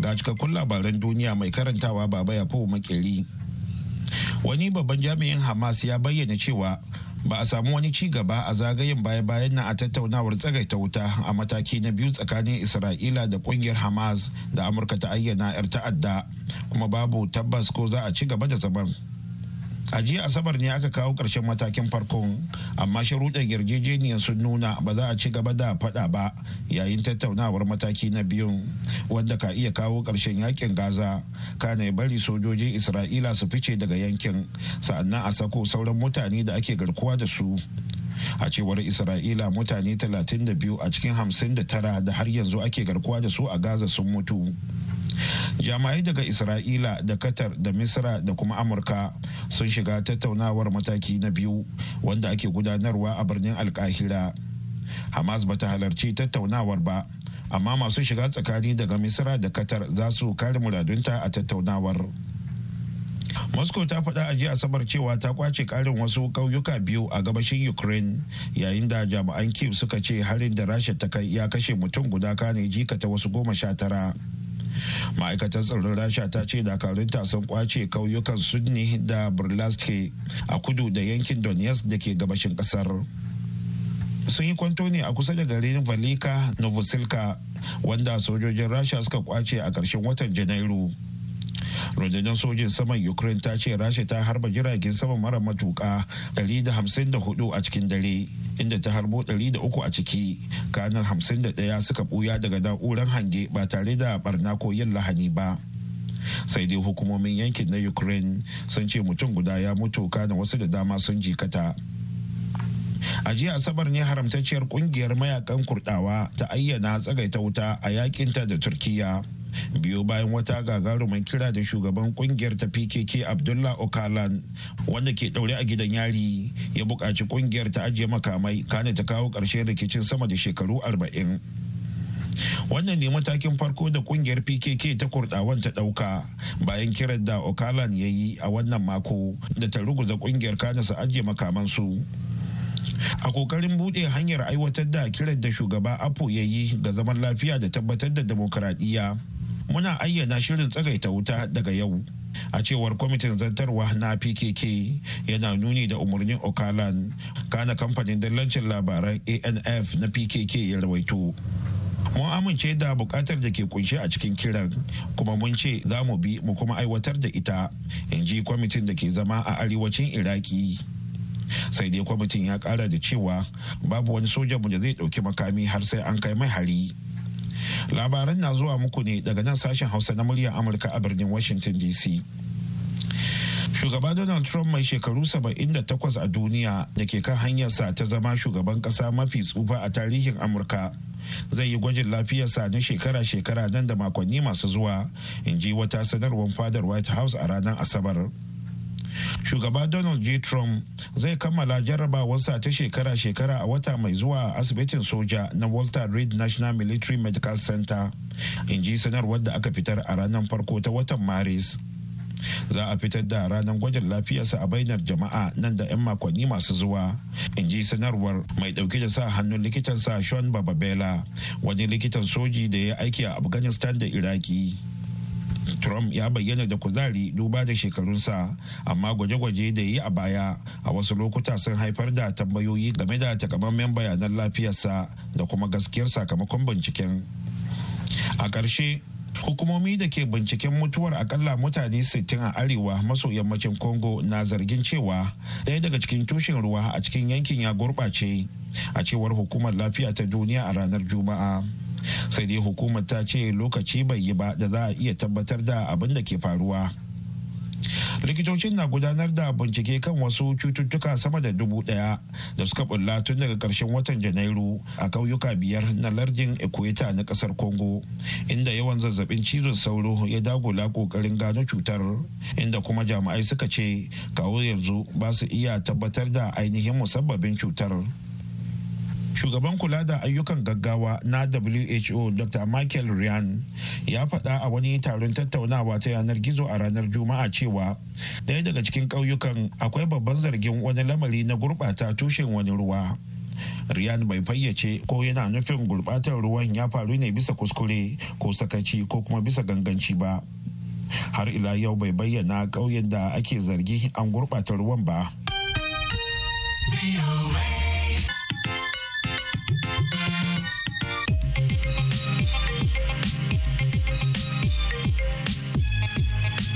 ga cikakkun labaran duniya mai karantawa baba ya makeri wani babban jami'in hamas ya bayyana cewa ba a samu wani ci gaba a zagayen baya-bayan na a tattaunawar tsagaita wuta a mataki na biyu tsakanin isra'ila da kungiyar hamas da amurka ta ayyana 'yar ta'adda kuma babu tabbas ko za a ci gaba da zaman a jiya asabar ne aka kawo ƙarshen matakin farkon amma sharuɗan yarjejeniyar sun nuna ba za a ci gaba da faɗa ba yayin tattaunawar mataki na biyun wanda ka iya kawo ƙarshen yakin gaza kana bari sojojin isra'ila su fice daga yankin sa'annan a sako sauran mutane da ake garkuwa da su a cewar isra'ila mutane 32 a cikin 59 da har yanzu ake garkuwa da su a gaza sun mutu jama'ai daga isra'ila da qatar da misra da kuma amurka sun shiga tattaunawar mataki na biyu wanda ake gudanarwa a birnin alkahira hamas bata halarci tattaunawar ba amma masu shiga tsakani daga misra da qatar za su kare muradunta a tattaunawar moscow ta faɗa a jiya asabar cewa ta kwace ƙarin wasu ƙauyuka biyu a gabashin ukraine yayin da jami'an kiev suka ce harin da rasha ta kai ya kashe mutum guda kane jika ta wasu goma sha tara ma'aikatar tsaron rasha ta ce dakarunta sun kwace kauyukan sunni da burlaski a kudu da yankin donetsk da ke gabashin kasar sun yi kwanto ne a kusa da garin valika novosilka wanda sojojin rasha suka kwace a ƙarshen watan janairu rundunar sojin saman ukraine ta ce rasha ta harba jiragen sama mara matuka 154 a cikin dare inda ta harbo 300 a ciki kanan 51 suka buya daga na'urar hange ba tare da barna ko yin lahani ba sai dai hukumomin yankin na ukraine sun ce mutum guda ya mutu kana wasu da dama sun jikata a jiya asabar ne haramtacciyar kungiyar mayakan kurdawa ta ayyana tsagaita wuta a yakinta da Turkiyya. biyo bayan wata gagarumin kira da shugaban kungiyar ta pkk abdullah okalan wanda ke daure a gidan yari ya buƙaci kungiyar ta ajiye makamai kane ta kawo ƙarshen rikicin sama da shekaru arba'in wannan ne matakin farko da kungiyar pkk ta kurdawan ta ɗauka, bayan kiran da okalan ya yi a wannan mako da ta ruguza kungiyar kane su ajiye makamansu a kokarin bude hanyar aiwatar da kiran da shugaba apo ya yi ga zaman lafiya da tabbatar da demokradiyya muna ayyana shirin tsagaita wuta daga yau a cewar kwamitin zantarwa na pkk yana nuni da umarnin okalan kana kamfanin dillancin labaran anf na pkk ya rawaito mun amince da bukatar da ke kunshe a cikin kiran kuma mun ce za mu bi mu kuma aiwatar da ita in ji kwamitin da ke zama a arewacin iraki sai dai kwamitin ya kara da cewa babu wani mu da zai ɗauki makami har sai an kai mai hari labaran na zuwa muku ne daga nan sashen hausa na murya amurka a birnin washington dc shugaba donald trump mai shekaru 78 a duniya da ke kan hanyarsa ta zama shugaban kasa mafi tsufa a tarihin amurka zai yi gwajin lafiyarsa na shekara-shekara nan da makonni masu zuwa in ji wata sanarwar fadar white house a ranar asabar shugaba donald j trump zai kammala jarrabawarsa ta shekara-shekara a wata mai zuwa asibitin soja na walter reed national military medical center in ji sanarwar da aka fitar a ranar farko ta watan maris za a fitar da ranar gwajin lafiyarsa a bainar jama'a nan da 'yan makonni masu zuwa in ji sanarwar mai dauke da sa hannun likitansa sean bababela wani likitan soji da ya aiki a afghanistan da iraki Trump ya bayyana da kuzari duba da shekarunsa amma gwaje-gwaje da yi a baya a wasu lokuta sun haifar da tambayoyi game da takamaiman bayanan lafiyarsa da kuma gaskiyar sakamakon binciken. A ƙarshe, hukumomi da ke binciken mutuwar akalla mutane 60 a arewa maso yammacin congo na zargin cewa ɗaya daga cikin tushen ruwa a cikin yankin ya gurɓace a cewar hukumar lafiya ta duniya a ranar juma'a. sai dai hukumar ta ce lokaci bai yi ba da za a iya tabbatar da abin da ke faruwa likitocin na gudanar da bincike kan wasu cututtuka sama da dubu daya da suka bulla tun daga karshen watan janairu a kauyuka biyar na lardin equator na kasar congo inda yawan zazzabin cizon sauro ya dagula kokarin gano cutar inda kuma jami'ai suka ce kawo yanzu ba su iya tabbatar da ainihin musabbabin cutar shugaban kula da ayyukan gaggawa na who dr michael ryan ya faɗa a wani taron tattaunawa ta yanar gizo a ranar juma'a cewa daya daga cikin ƙauyukan akwai babban zargin wani lamari na gurɓata tushen wani ruwa ryan bai fayyace ko yana nufin gurɓatar ruwan ya faru ne bisa kuskure ko sakaci ko kuma bisa ganganci ba har ila yau bai bayyana ƙauyen da ake zargi an gurɓata ruwan ba.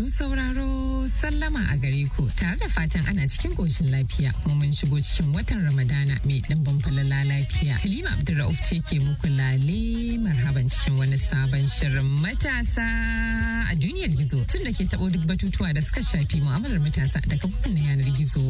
masu sauraro sallama a gare ku tare da fatan ana cikin goshin lafiya kuma mun shigo cikin watan ramadana mai ɗimbin falala lafiya halima abdulrauf ce ke muku lale marhaban cikin wani sabon shirin matasa a duniyar gizo tun da ke taɓo duk batutuwa da suka shafi mu'amalar matasa daga kafofin yanar gizo.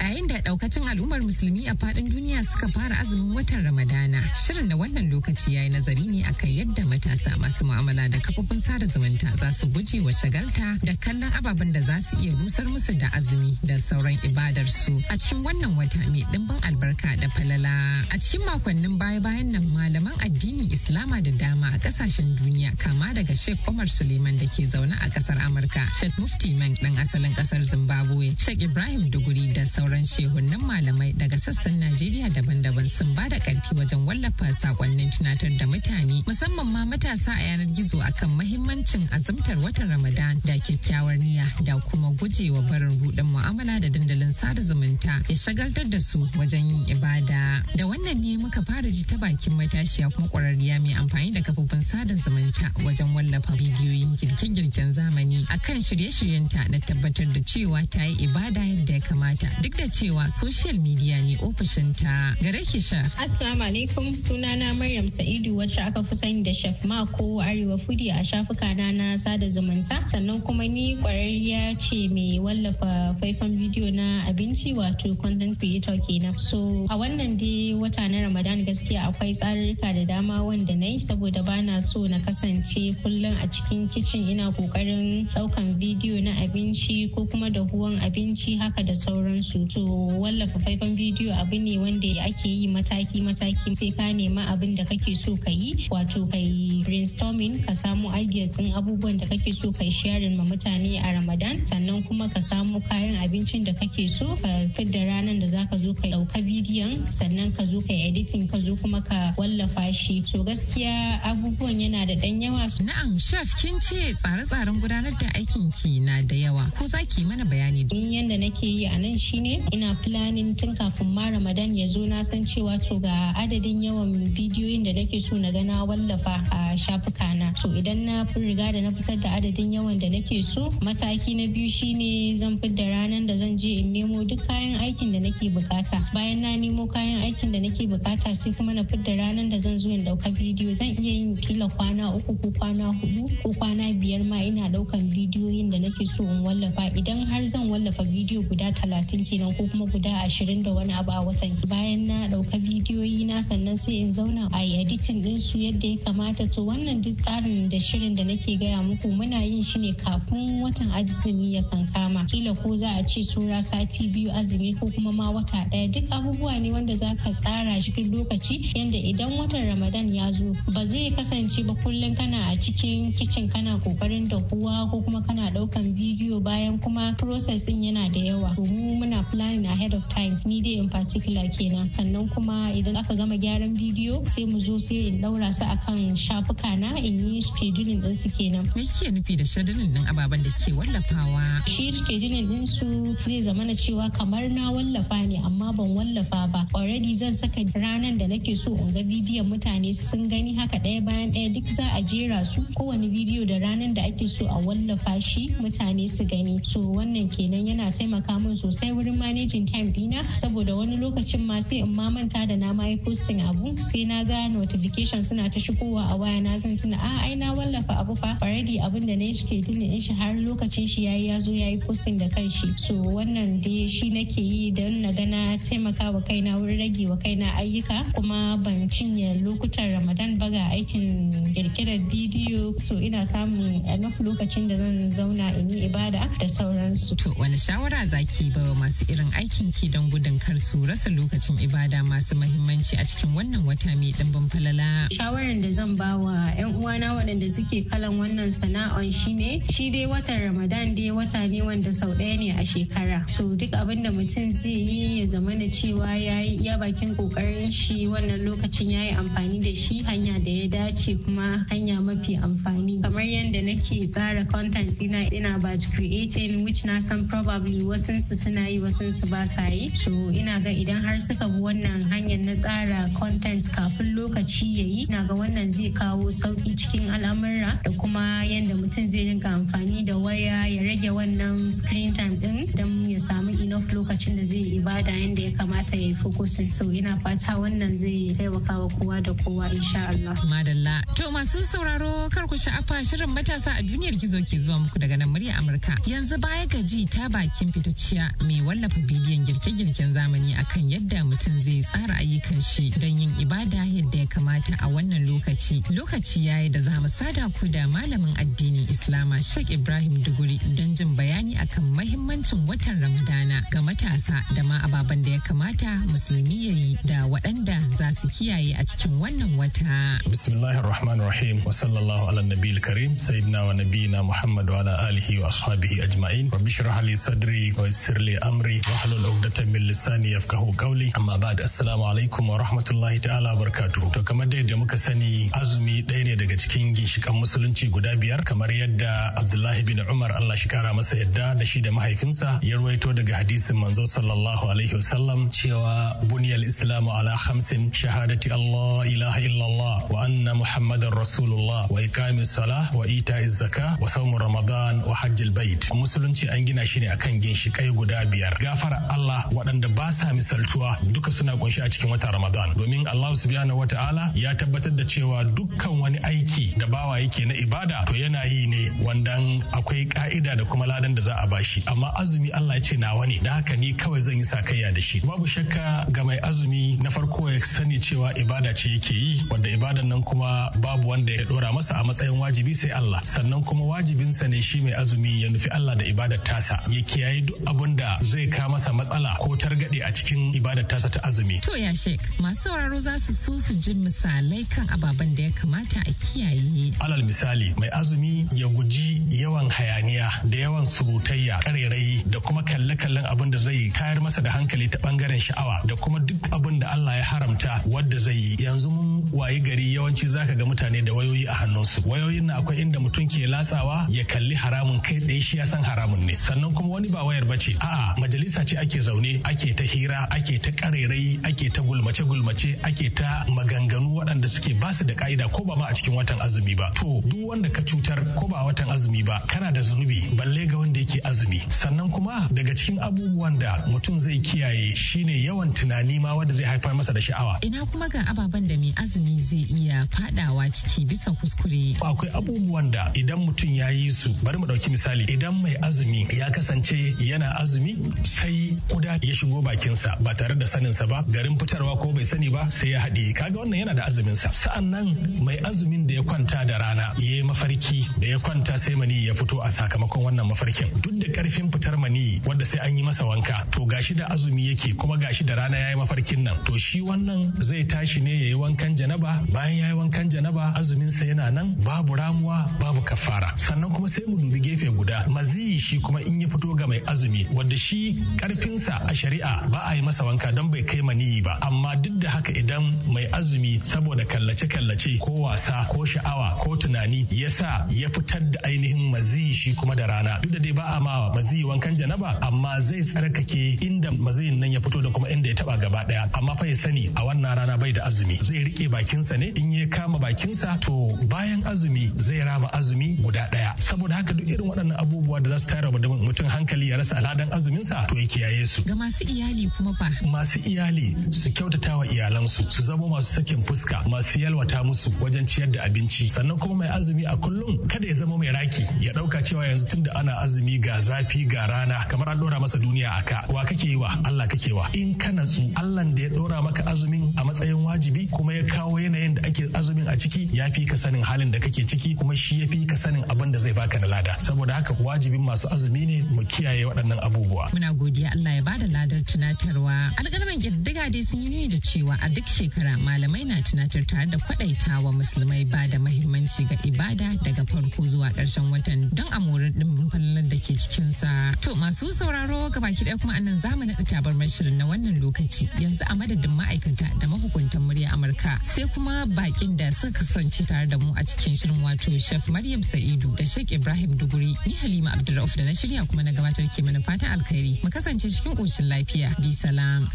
a yayin da daukacin al'ummar musulmi a fadin duniya suka fara azumin watan Ramadana. Shirin da wannan lokaci yayi nazari ne akan yadda matasa masu mu'amala da kafofin sada zumunta za su guje wa shagalta da kallon ababen da za su iya rusar musu da azumi da sauran ibadar su a cikin wannan wata mai dimbin albarka da falala. A cikin makonnin baya-bayan nan malaman addinin Islama da dama a kasashen duniya kama daga Sheikh omar Suleiman da ke zaune a kasar Amurka, Sheikh Mufti Meng dan asalin kasar Zimbabwe, Sheikh Ibrahim Duguri da sauran shehunan malamai daga sassan Najeriya daban-daban sun ba da karfi wajen wallafa sakonnin tunatar da mutane musamman ma matasa a yanar gizo akan mahimmancin azumtar watan Ramadan da kyakkyawar niyya da kuma gujewa barin rudan mu'amala da dandalin sada zumunta ya shagaltar da su wajen yin ibada. Da wannan ne muka fara ji ta bakin matashiya kuma ƙwararriya mai amfani da kafofin sada zumunta wajen wallafa bidiyoyin girke-girken zamani akan shirye-shiryenta na tabbatar da cewa ta yi ibada yadda ya kamata duk da cewa social media ne ofishinta gare ki Assalamu alaikum sunana Maryam Sa'idu wacce aka fi sani da chef mako arewa fudi a shafuka na na sada zumunta sannan kuma ni kwararriya ce mai wallafa faifan bidiyo na abinci wato content creator kenan. So a wannan dai wata na Ramadan gaskiya akwai tsarurruka da dama wanda na yi saboda bana so na kasance kullum a cikin kicin ina kokarin daukan bidiyo na abinci ko kuma da huwan abinci haka da sauransu. to wallafa faifan bidiyo abu ne wanda ake yi mataki mataki sai ka nema abin da kake so ka yi wato ka yi brainstorming ka samu ideas din abubuwan da kake so kai yi ma mutane a Ramadan sannan kuma ka samu kayan abincin da kake so ka fidda ranar da zaka zo kai dauka bidiyon sannan ka zo ka yi editing ka zo kuma ka wallafa shi to gaskiya abubuwan yana da dan yawa na'am chef kin ce tsare-tsaren gudanar da aikin ki na da yawa ko zaki mana bayani din yanda nake yi a nan shine ne ina planning tun kafin ma ramadan ya zo na san cewa to ga adadin yawan bidiyoyin da nake so na ga wallafa a shafuka na so idan na riga da na fitar da adadin yawan da nake so mataki na biyu shine zan da ranar da zan je in nemo duk kayan aikin da nake bukata bayan na nemo kayan aikin da nake bukata sai kuma na fidda ranar da zan zo in dauka bidiyo zan iya yin kila kwana uku ko kwana hudu ko kwana biyar ma ina daukan bidiyoyin da nake so in wallafa idan har zan wallafa bidiyo guda talatin ke kenan ko kuma guda ashirin da wani abu a watan bayan na ɗauka bidiyoyi na sannan sai in zauna a yi editing din su yadda ya kamata to wannan duk tsarin da shirin da nake gaya muku muna yin shi ne kafin watan azumi ya kankama kila ko za a ce tura sati biyu azumi ko kuma ma wata daya. duk abubuwa ne wanda za ka tsara cikin lokaci yadda idan watan ramadan ya zo ba zai kasance ba kullum kana a cikin kicin kana kokarin dahuwa ko kuma kana ɗaukan bidiyo bayan kuma process ɗin yana da yawa mu muna planning ahead of time ni dai in particular kenan sannan kuma idan aka gama gyaran bidiyo sai mu zo sai in daura su akan shafuka na in yi scheduling din su kenan me kike nufi da scheduling din ababen da ke wallafawa shi scheduling din su zai zama na cewa kamar na wallafa ne amma ban wallafa ba already zan saka ranan da nake so in ga bidiyon mutane sun gani haka ɗaya bayan ɗaya duk za a jera su kowane bidiyo da ranan da ake so a wallafa shi mutane su gani so wannan kenan yana taimaka min sosai wurin kokarin managing time dina saboda wani lokacin ma sai in ma manta da na mai yi posting abu sai na ga notification suna ta shigowa a waya na zan tuna a ah, ai na wallafa abu fa already abin da na shike dilin in shi har lokacin shi yayi yazo yayi posting da shi so wannan dai shi nake yi don na ga na taimaka kaina wurin rage wa kaina ayyuka kuma ban cinye lokutan Ramadan ba ga aikin kirkirar bidiyo so ina samun enough lokacin da zan zauna in yi ibada da sauransu to wani shawara zaki ba masu irin aikin ki don gudun kar su rasa lokacin ibada masu mahimmanci a cikin wannan wata mai ɗimbin falala. Shawarar da zan ba wa 'yan uwana waɗanda suke kalan wannan sana'on shi ne, shi dai watan Ramadan dai wata ne wanda sau ɗaya ne a shekara. So duk abin da mutum zai yi ya zama na cewa ya yi iya bakin ƙoƙarin shi wannan lokacin ya yi amfani da shi hanya da ya dace kuma hanya mafi amfani. Kamar yadda nake tsara content ina ina batch creating which na san probably wasansu suna yi wasan su ba sa yi so ina ga idan har suka bi wannan hanyar na tsara content kafin lokaci ya yi ina ga wannan zai kawo sauki cikin al'amura da kuma yadda mutum zai rinka amfani da waya ya rage wannan screen time din don ya samu enough lokacin da zai ibada yadda ya kamata ya yi fokusin so ina fata wannan zai taimaka wa kowa da kowa insha Allah. Madalla. To masu sauraro kar ku sha'afa shirin matasa a duniyar gizo ke zuwa muku daga nan murya Amurka. Yanzu baya gaji ta bakin fitacciya mai wallafa bidiyon girke-girken zamani akan yadda mutum zai tsara ayyukan shi don yin ibada yadda ya kamata a wannan lokaci. Lokaci ya yi da za mu sada ku da malamin addinin Islama Sheikh Ibrahim Duguri don jin bayani akan mahimmancin watan Ramadana ga matasa da ma ababen da ya kamata musulmi ya yi da waɗanda za su kiyaye a cikin wannan wata. Bismillahirrahmanirrahim wa sallallahu ala nabiyil karim sayyidina wa nabiyina Muhammad wa ala alihi wa ashabihi ajma'in. Rabbi shrah li sadri wa yassir li amri amri wa halul min lisani yafqahu qawli amma ba'd assalamu alaikum wa rahmatullahi ta'ala barkatuhu to kamar da yadda muka sani azumi ɗaya ne daga cikin ginshikan musulunci guda biyar kamar yadda Abdullahi bin Umar Allah shi kara masa yadda da shi da mahaifinsa ya ruwaito daga hadisin manzo sallallahu alaihi wasallam cewa buniyal islamu ala khamsin shahadati Allah ilaha illallah wa anna muhammadar rasulullah wa iqamis salah wa ita'iz zakah wa sawm ramadan wa hajjil bait musulunci an gina shi ne akan ginshikai guda biyar gafara Allah waɗanda ba sa misaltuwa duka suna ƙunshi a cikin wata Ramadan domin Allah subhanahu wata'ala ya tabbatar da cewa dukkan wani aiki da bawa yake na ibada to yana yi ne wandan akwai ka'ida da kuma ladan da za a bashi amma azumi Allah ya ce nawa ne da haka ni kawai zan yi sakayya da shi babu shakka ga mai azumi na farko ya sani cewa ibada ce yake yi wanda ibadan nan kuma babu wanda ya dora masa a matsayin wajibi sai Allah sannan kuma wajibinsa ne shi mai azumi ya nufi Allah da ibadar tasa ya kiyaye duk abin da zai zai kawo masa matsala ko targaɗe a cikin ibadar tasa ta azumi. To ya shek masu sauraro za su so su ji misalai kan ababen da ya kamata a kiyaye. Alal misali mai azumi ya guji yawan hayaniya da yawan surutayya ƙarairayi da kuma kalle-kallen abin da zai tayar masa da hankali ta ɓangaren sha'awa da kuma duk abin da Allah ya haramta wadda zai yi yanzu mun wayi gari yawanci zaka ga mutane da wayoyi a hannunsu wayoyin na akwai inda mutum ke latsawa ya kalli haramun kai tsaye shi ya san haramun ne sannan kuma wani ba wayar bace a'a majalisa ce ake zaune ake ta hira ake ta karerai ake ta gulmace-gulmace ake ta maganganu waɗanda suke ba su da ka'ida ko ba ma a cikin watan azumi ba to duk wanda ka cutar ko ba watan azumi ba kana da zunubi balle ga wanda yake azumi sannan kuma daga cikin abubuwan da mutum zai kiyaye shine yawan tunani ma wanda zai haifar masa da sha'awa ina kuma ga ababen da mai azumi zai iya fadawa ciki bisa kuskure akwai abubuwan da idan mutum ya yi su bari mu ɗauki misali idan mai azumi ya kasance yana azumi sai kuda ya shigo bakinsa ba tare da saninsa ba garin fitarwa ko bai sani ba sai ya haɗe kaga wannan yana da azumin sa sa'an nan mai azumin da ya kwanta da rana ya yi mafarki da ya kwanta sai mani ya fito a sakamakon wannan mafarkin duk da karfin fitar mani wanda sai an yi masa wanka to gashi da azumi yake kuma gashi da rana ya yi mafarkin nan to shi wannan zai tashi ne ya yi wankan janaba bayan ya yi wankan janaba azumin sa yana nan babu ramuwa babu kafara sannan kuma sai mu dubi gefe guda mazi shi kuma in ya fito ga mai azumi wanda shi karfinsa a shari'a ba a yi masa wanka don bai kai maniyi ba amma duk da haka idan mai azumi saboda kallace-kallace ko wasa ko sha'awa ko tunani ya sa ya fitar da ainihin maziyi shi kuma da rana duk da dai ba a ma maziyi wankan janaba amma zai tsarkake inda maziyin nan ya fito da kuma inda ya taba gaba daya amma fa ya sani a wannan rana bai da azumi zai rike bakinsa ne in ya kama bakinsa to bayan azumi zai rama azumi guda daya saboda haka duk irin waɗannan abubuwa da za su tara wa mutum hankali ya rasa aladan azuminsa to ya kiyaye su ga masu iyali kuma fa masu iyali su kyautata wa iyalansu su zama masu sakin fuska masu yalwata musu wajen ciyar da abinci sannan kuma mai azumi a kullum kada ya zama mai raki ya ɗauka cewa yanzu tunda ana azumi ga zafi ga rana kamar an dora masa duniya a ka wa kake yi wa Allah kake wa in ka natsu Allah da ya dora maka azumin a matsayin wajibi kuma ya kawo yanayin da ake azumin a ciki ya fi ka sanin halin da kake ciki kuma shi ya fi ka sanin abin da zai baka da lada saboda haka wajibin masu azumi ne mu kiyaye waɗannan abubuwa muna godiya Allah ya bada ladar tunatarwa. Alƙalman ƙirƙirga dai sun yi nuni da cewa a duk shekara malamai na tunatar tare da kwaɗaitawa musulmai ba da mahimmanci ga ibada daga farko zuwa ƙarshen watan don a mori ɗimbin falalar da ke cikinsa. To masu sauraro gabaki ɗaya kuma anan zamani mu naɗa tabarmar shirin na wannan lokaci yanzu a madadin ma'aikata da mahukuntan murya Amurka sai kuma baƙin da suka kasance tare da mu a cikin shirin wato Chef Maryam Sa'idu da Sheikh Ibrahim Duguri ni Halima Abdulrauf da na shirya kuma na gabatar ke mana fatan alkhairi. mu kasance cikin ƙoshin lafiya bi salam.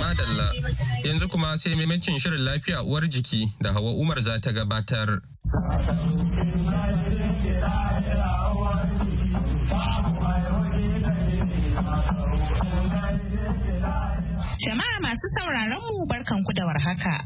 Madalla yanzu kuma sai maimacin shirin lafiya uwar jiki da hawa Umar za ta gabatar. Jama'a masu sauraron mu barkanku da warhaka,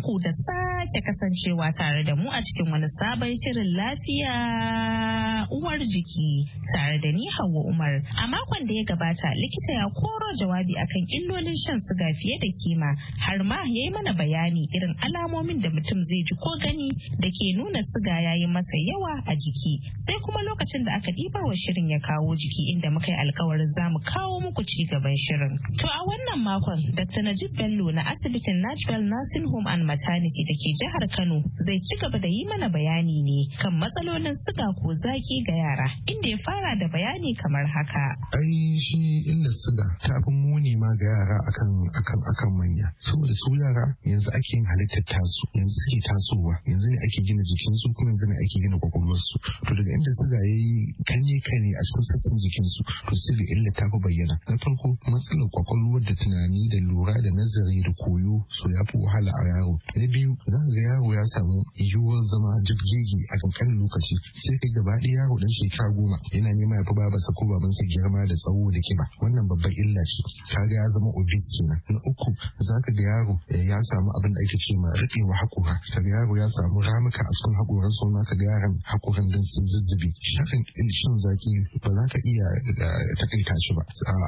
ku da sake kasancewa tare da mu a cikin wani sabon shirin lafiya uwar jiki tare da ni Hauwa Umar. A makon da ya gabata likita ya koro jawabi akan illolin shan suga fiye da kima har ma ya yi mana bayani irin alamomin da mutum zai ji ko gani da ke nuna suga ya yi masa yawa a jiki. Sai kuma lokacin da aka ɗibar wa shirin ya kawo jiki inda muka yi alkawarin za mu kawo muku ci gaban shirin. To a wannan makon Dr. Najib Bello na asibitin Najbel Nursing Home and Maternity da ke jihar Kano zai ci gaba da yi mana bayani ne kan matsalolin suga ko zaki ga yara inda ya fara da bayani kamar haka. Ai shi inda suga ta fi muni ma ga yara akan akan akan manya. Saboda su yara yanzu ake yin halittar tasu yanzu suke tasowa yanzu ne ake gina jikinsu kuma yanzu ne ake gina kwakwalwarsu. To daga inda suga ya yi kanye kane a cikin sassan jikinsu to sai da illa ta fi bayyana. Na farko matsalar kwakwalwar da tunani amfani da lura da nazari da koyo so ya fi wahala a yaro na biyu zan ga yaro ya samu yiwuwar zama jirgege a kankanin lokaci sai ka gaba ɗaya yaro ɗan shekara goma yana nema ya fi sa ko babansa girma da tsawo da kiba wannan babban illa ce ka ga ya zama obese kenan na uku za ka ga yaro eh, ya samu abin da ake ce ma riƙewa haƙora ka ga yaro ya samu ramuka a cikin haƙoran su na ka ga yaron haƙoran din sun zuzzubi shafin shan zaki ba za ka iya eh, takaita shi ba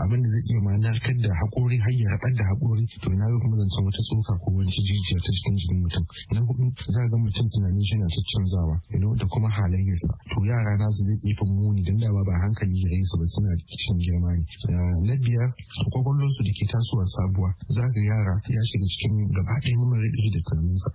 abin da zai iya ma narkar da hanyar haɓar da haƙori to na ga kuma zancen wata tsoka ko wani jijiya ta cikin jikin mutum na hudu za ga mutum tunanin shi na ta canzawa da kuma halayyarsa to yara na su zai tsifin muni don da ba hankali ya su ba suna cikin girma ne na biyar kwakwalwarsu da ke tasowa sabuwa za ga yara ya shiga cikin gaba ɗaya mamarin ɗari da tunaninsa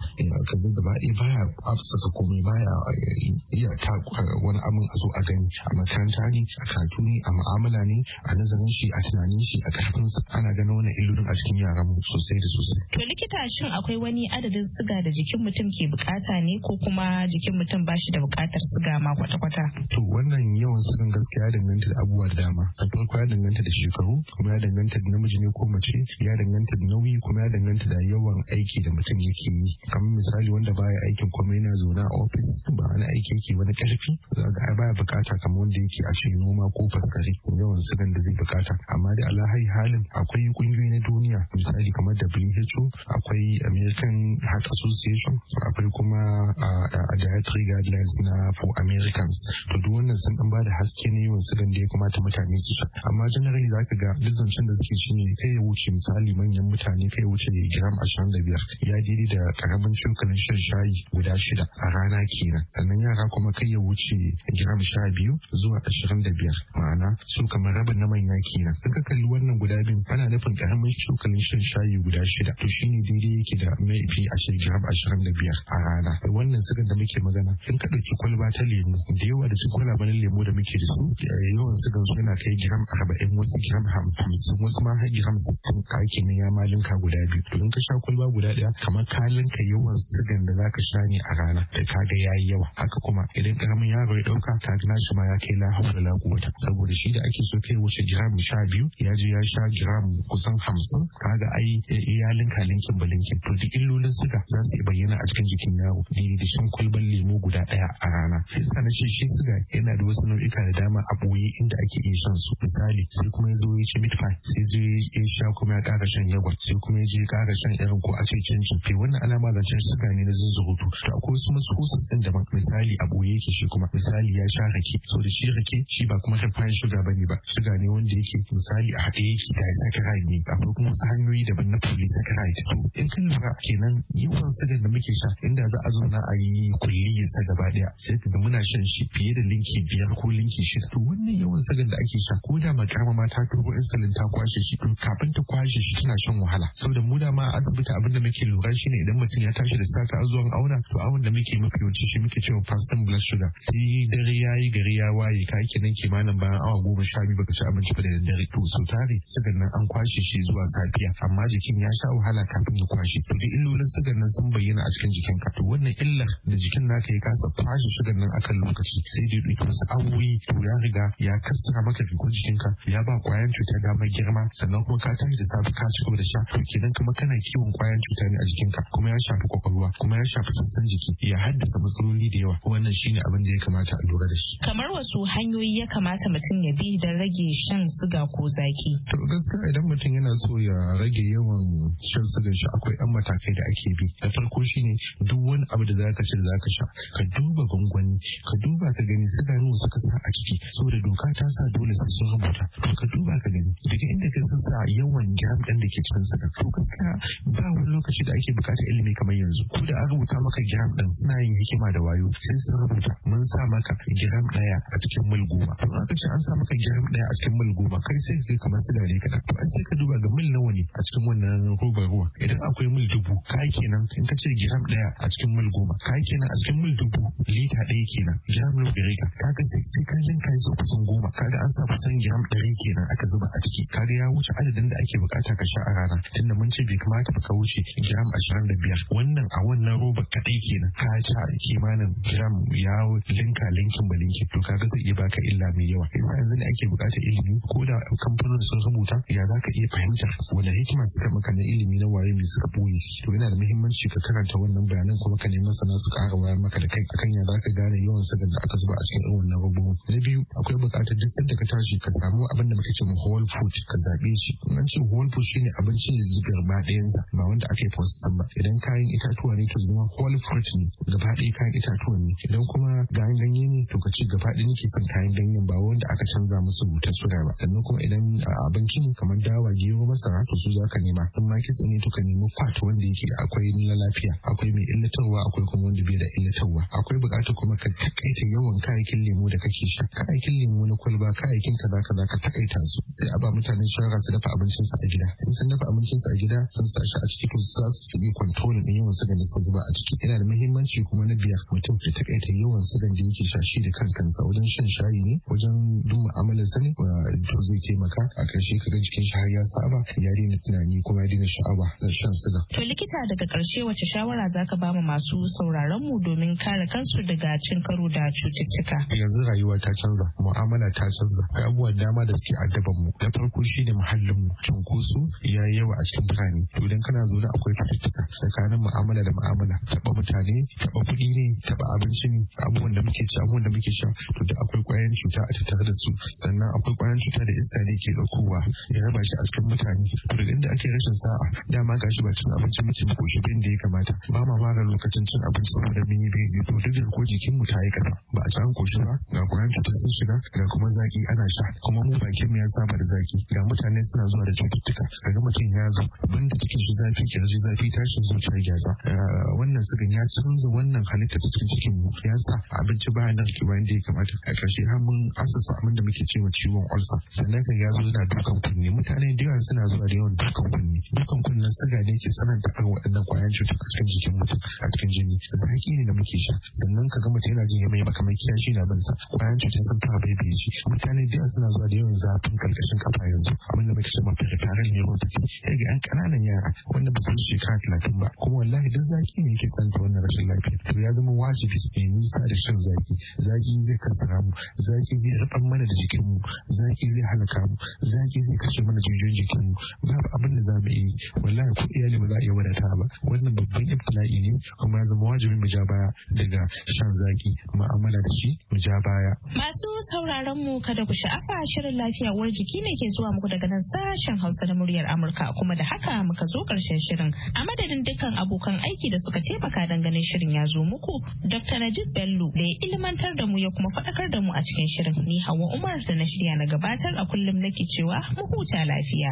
ka ga gaba ɗaya baya afsasa komai baya eh, iya ta eh, wani abin a zo a gani a makaranta ne a katuni ne a mu'amala ne a nazarin shi a tunanin shi a sa ana ganin wani illolin a cikin yaran mu sosai da sosai. To likita shin akwai wani adadin siga da jikin mutum ke bukata ne ko kuma jikin mutum ba shi da bukatar siga ma kwata-kwata? To wannan yawan sigan gaskiya ya danganta da abubuwa da dama. A farko ya danganta da shekaru kuma ya danganta da namiji ne ko mace ya danganta da nauyi kuma ya danganta da yawan aiki da mutum yake yi. Kamar misali wanda baya aikin kuma yana zaune a ofis ba wani aiki yake wani karfi za ga baya bukata kamar wanda yake a noma ko faskare yawan sigan da zai bukata amma da alahai halin akwai kungiyoyi na duniya misali kamar WHO akwai American Heart Association akwai kuma a dietary guidelines na for Americans to duk wannan sun dan bada haske ne yawan sugan da ya kamata mutane su sha amma generally zaka ga duk zancen da suke shi ne kai ya wuce misali manyan mutane kai ya wuce gram 25 ya daidai da karamin shukarin shan shayi guda shida a rana kenan sannan yara kuma kai ya wuce gram 12 zuwa 25 ma'ana su kamar rabin na manya kenan in ka kalli wannan guda biyu ana nufin karamin akwai cokalin shan shayi guda shida to shi ne daidai yake da mafi shi gram ashirin da biyar a rana wannan sigan da muke magana in ka ɗauki kwalba ta lemu da yawa da cikin kwalaben lemu da muke da su eh, yawan sigan su yana kai gram arba'in wasu gram hamsin wasu ma har gram sittin ka ake na ya malinka guda biyu to in ka sha kwalba guda ɗaya kamar ka linka yawan sigan da ka sha ne a rana da kaga yi yawa haka kuma idan karamin yaro ya ɗauka ka nashi ma ya kai la lagu wata saboda shi da ake so kai wuce gram sha biyu ya je ya sha gram kusan hamsin hamsin kaga ai eh, iyalinka linkin linkin to duk illolin suga za su bayyana a cikin jikin yaro daidai da shan kwalban lemu guda ɗaya a rana yasa na ce shi suga yana da wasu nau'ika da dama a ɓoye inda ake iya shan su misali sai kuma ya zo ya ci mitfa sai zo ya sha kuma ya ƙara shan yagwa sai kuma ya je ƙara shan irin ko a ce cincin to wannan alama zancen suga ne na zuzzurutu to akwai wasu masusas ɗin daban misali a ɓoye yake shi kuma misali ya sha rake so da shi rake shi ba kuma refined sugar bane ba suga ne wanda yake misali a haɗe yake da saccharide ne akwai kuma wasu hanyoyi daban na polysaccharide to in ka lura kenan yawan sigan da muke sha inda za a zauna a yi kulli sa gaba daya sai ka muna shan shi fiye da linki biyar ko linki shida to wannan yawan sigan da ake sha ko da makarama ma ta turo insulin ta kwashe shi to kafin ta kwashe shi tana shan wahala da mu da ma a asibiti abin da muke lura shine idan mutum ya tashi da safe a zuwan auna to awon da muke mafi yawanci shi muke cewa fasting blood sugar sai dare ya yi gari ya waye ka kenan kimanin bayan awa goma sha biyu baka ci abinci ba da dare to sau tare nan an kwashe shi zuwa zuwa safiya amma jikin ya sha wahala kafin ya kwashe to da illolin sugar nan sun bayyana a cikin jikin ka to wannan illar da jikin naka ya kasa kwashe sugar nan akan lokaci sai dai duk wasu abubuwa to ya riga ya kassara maka jikin jikinka ya ba kwayan cuta damar girma sannan kuma ka tashi da safe ka ci gaba da sha to kenan kuma kana kiwon kwayan cuta ne a jikinka kuma ya shafi kwakwalwa kuma ya shafi sassan jiki ya haddasa matsaloli da yawa wannan shine abin da ya kamata a lura da shi kamar wasu hanyoyi ya kamata mutum ya bi don rage shan siga ko zaki to gaskiya idan mutum yana so so ya rage yawan shan sigar shi akwai yan matakai da ake bi na farko shine duk wani abu da zaka ci da zaka sha ka duba gwangwani ka duba ka gani suga nawa suka sa a ciki saboda doka ta sa dole sai sun rubuta to ka duba ka gani daga inda ka san sa yawan gram ɗin da ke cikin suga to gaskiya ba wani lokaci da ake bukata ilimi kamar yanzu ko da an rubuta maka gram ɗan, suna yin hikima da wayo sai sun rubuta mun sa maka gram ɗaya a cikin mil goma to aka ce an sa maka gram ɗaya a cikin mil goma kai sai kai kamar suga ne kaɗan to sai ka duba ga mil nawa ne a cikin wannan roba ruwa idan akwai mil dubu ka kenan in ka ce giram daya a cikin mil goma ka kenan a cikin mil dubu lita daya kenan giram na gare ka kaga sai sai ka linka kusan goma kaga an sa kusan giram dari kenan aka zuba a ciki kaga ya wuce adadin da ake bukata ka sha a rana tunda mun ce bai kamata ka wuce giram ashirin da biyar wannan a wannan roba kaɗai kenan ka sha kimanin giram ya linka linkin ba linkin to kaga zai iya baka illa mai yawa yasa yanzu ne ake bukatar ilimi ko da kamfanin sun rubuta ya za ka iya fahimta Wana wanda hikima suka maka na ilimi na waye mai suka boye to yana da muhimmanci ka karanta wannan bayanan kuma ka nemi masana su ƙara wayar maka da kai akan ya zaka gane yawan sagan da aka zuba a cikin irin wannan rubutun na biyu akwai buƙatar duk sanda ka tashi ka samu abin da muke cewa whole food ka zabe shi an ce whole food shine abinci ne zugar ba ɗayansa ba wanda aka yi ba idan kayan itatuwa ne to zama whole food ne gaba ɗaya kayan itatuwa ne idan kuma kayan ganye ne to ka ci gaba ɗaya nake son kayan ganyen ba wanda aka canza musu su suga ba sannan kuma idan abinci ne kamar dawa gero masara ta su za ka nema in ma kitse ne to ka nemi kwat wanda yake akwai na lafiya akwai mai illatarwa akwai kuma wanda bai da illatarwa akwai buƙatar kuma ka takaita yawan kayakin lemu da kake sha kayakin lemu na kwalba kayakin kaza kaza ka takaita su sai a ba mutane shawara su dafa abincin su a gida in sun dafa abincin su a gida sun sa shi a ciki to za su iya kwantolin din yawan sugan da suka zuba a ciki yana da muhimmanci kuma na biyar mutum ya takaita yawan sugan da yake sha shi da kan kansa wajen shan shayi ne wajen duk mu'amalar sa ne to zai taimaka a ƙarshe ka ga jikin shi har ya saba taba ya daina tunani kuma ya daina sha'awa na shan siga. To likita daga karshe wace shawara za ka ba mu masu sauraron mu domin kare kansu daga cin karo da cututtuka? Yanzu rayuwa ta canza, mu'amala ta canza, akwai abubuwa dama da suke addaban mu. Da farko shine muhallin mu, cunkoso ya yi yawa a cikin mutane. To idan kana zaune akwai cututtuka tsakanin mu'amala da mu'amala, taɓa mutane, taɓa kuɗi ne, taɓa abinci ne, abubuwan da muke ci, abubuwan da muke sha, to da akwai ƙwayan cuta a tattare da su. Sannan akwai ƙwayan cuta da iska ne ke ɗaukowa ya raba shi a cikin mutane. mutane da inda ake rashin sa'a dama ga shi ba cin abinci mace ko koshi da ya kamata ba ma fara lokacin cin abinci saboda mun yi busy to duk da ko jikin mu ta yi kasa ba a ci an koshi ba ga kuran cuta sun shiga ga kuma zaki ana sha kuma mu bakin mu ya saba da zaki ga mutane suna zuwa da cututtuka kaga mutum ya zo da cikin shi zafi ke shi zafi tashin zuciya gyaza eh, wannan sigan ya canza wannan halitta ta cikin cikin mu ya sa abinci ba nan ki bayan da ya kamata a ƙarshe har mun asasa abin da muke cewa ciwon ulcer sannan kan ya zo yana dukan kunne mutane da yawa suna zuwa da yawan dukkan kunne dukan kunnen siga ne ke tsananta kan waɗannan kwayan cutar a cikin jikin mutum a cikin jini zaƙi ne da muke sha sannan ka ga mutum yana jin ya mai ya shi na bansa kwayan cutar sun fara baibaye shi mutane da yawa suna zuwa da yawan zafin karkashin kafa yanzu da muke cewa peripheral neuropathy ya ga an ƙananan yara wanda ba su shekara talatin ba kuma wallahi duk zaƙi ne ke tsananta wannan rashin lafiya to ya zama wajibi mai nisa da shan zaƙi zaƙi zai kasara mu zaƙi zai ruɓan mana da jikinmu zaƙi zai halaka mu zaƙi zai kashe mana jijiyoyin jikinmu mu babu abin da za mu yi wallahi ko iyali ba za a iya wadata ba wannan babban ibtila'i ne kuma ya zama wajibin mu ja baya daga shan zaki mu'amala da shi mu ja baya. Masu sauraron mu kada ku sha'afa shirin lafiya uwar jiki ne ke zuwa muku daga nan sashen Hausa na muryar Amurka kuma da haka muka zo karshen shirin a madadin dukkan abokan aiki da suka taimaka don ganin shirin ya zo muku Dr. Najib Bello da ya ilmantar da mu ya kuma faɗakar da mu a cikin shirin ni Hawa Umar da na shirya na gabatar a kullum nake cewa mu huta lafiya.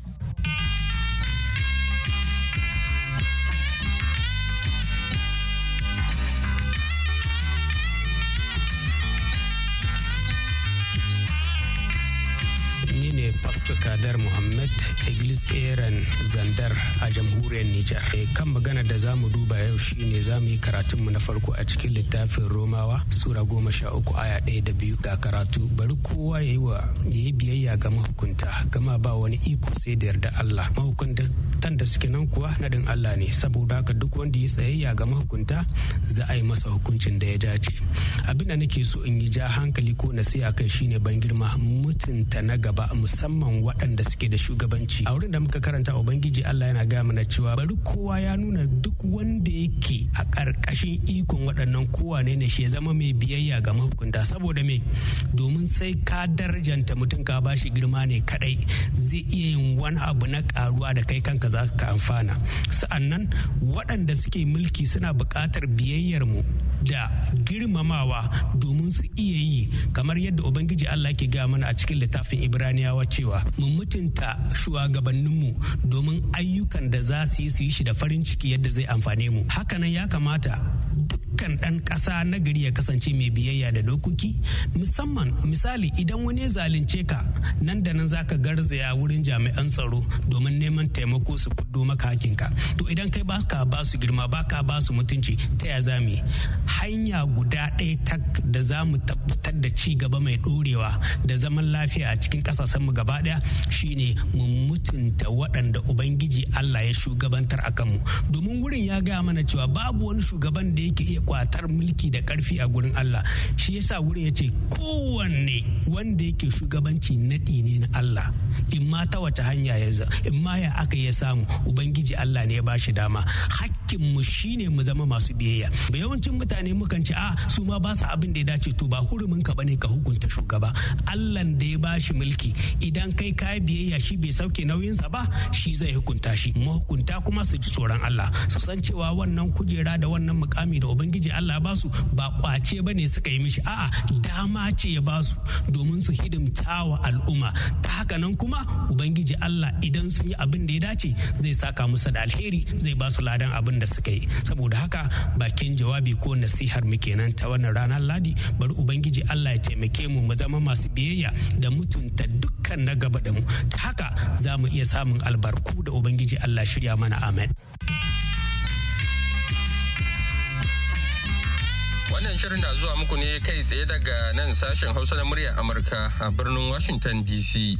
pastor kadar muhammad iglis aaron zandar a jamhuriyar nijar eh, kan magana da za mu duba yau shine za mu yi karatunmu na farko a cikin littafin romawa sura goma sha uku aya ɗaya da biyu ga karatu bari kowa ya yi wa ya yi biyayya ga mahukunta gama ba wani iko sai da yarda allah mahukunta matan da suke nan kuwa naɗin Allah ne saboda haka duk wanda ya tsayayya ga mahukunta za a yi masa hukuncin da ya dace abin da nake so in yi ja hankali ko na sai kai shine ban girma mutunta na gaba musamman waɗanda suke da shugabanci a wurin da muka karanta ubangiji Allah yana gaya mana cewa bari kowa ya nuna duk wanda yake a ƙarƙashin ikon waɗannan kowa ne ne shi ya zama mai biyayya ga mahukunta saboda me domin sai ka darjanta mutum ka bashi girma ne kadai zai iya yin wani abu na karuwa da kai kanka za ka amfana sa'annan waɗanda suke mulki suna buƙatar biyayyar mu da girmamawa domin su iya yi kamar yadda ubangiji Allah ke gaya mana a cikin littafin Ibraniyawa cewa mu mutunta shugabanninmu domin ayyukan da za su yi su yi shi da farin ciki yadda zai amfane mu hakanan ya kamata dukkan ɗan ƙasa na gari ya kasance mai biyayya da dokoki musamman misali idan wani ya zalunce ka nan da nan zaka garzaya wurin jami'an tsaro domin neman taimako su fito maka ka to idan kai ba ka ba su girma baka ka ba su mutunci ta ya hanya guda ɗaya tak da za mu tabbatar da ci gaba mai ɗorewa da zaman lafiya a cikin ƙasashen mu gaba ɗaya shine mu mutunta waɗanda ubangiji Allah ya shugabantar a kanmu domin wurin ya gaya mana cewa babu wani shugaban da yake iya kwatar mulki da ƙarfi a gurin Allah shi yasa wurin ya ce kowanne wanda yake shugabanci naɗi ne na Allah in ma ta wata hanya ya in ma ya aka ya samu ubangiji Allah ne ya bashi dama hakkin mu shine mu zama masu biyayya ba yawancin mutane mukan ce a su ma ba su abin da ya dace to ba hurumin ka bane ka hukunta shugaba Allah da ya bashi mulki idan kai ka biyayya shi bai sauke nauyin sa ba shi zai hukunta shi mu hukunta kuma su ji tsoron Allah su san cewa wannan kujera da wannan mukami da ubangiji Allah ba su ba kwace bane suka yi mishi a'a dama ce ya ba su domin su hidimta wa al'umma ta haka nan kuma kuma ubangiji Allah idan sun yi abin da ya dace zai saka musu da alheri zai ba su ladan abin da suka yi saboda haka bakin jawabi ko nasihar mu kenan ta wannan ranar ladi bari ubangiji Allah ya taimake mu mu zama masu biyayya da mutunta dukkan na gaba da mu ta haka za mu iya samun albarku da ubangiji Allah shirya mana amen Wannan shirin na zuwa muku ne kai tsaye daga nan sashen Hausa na muryar Amurka a birnin Washington DC.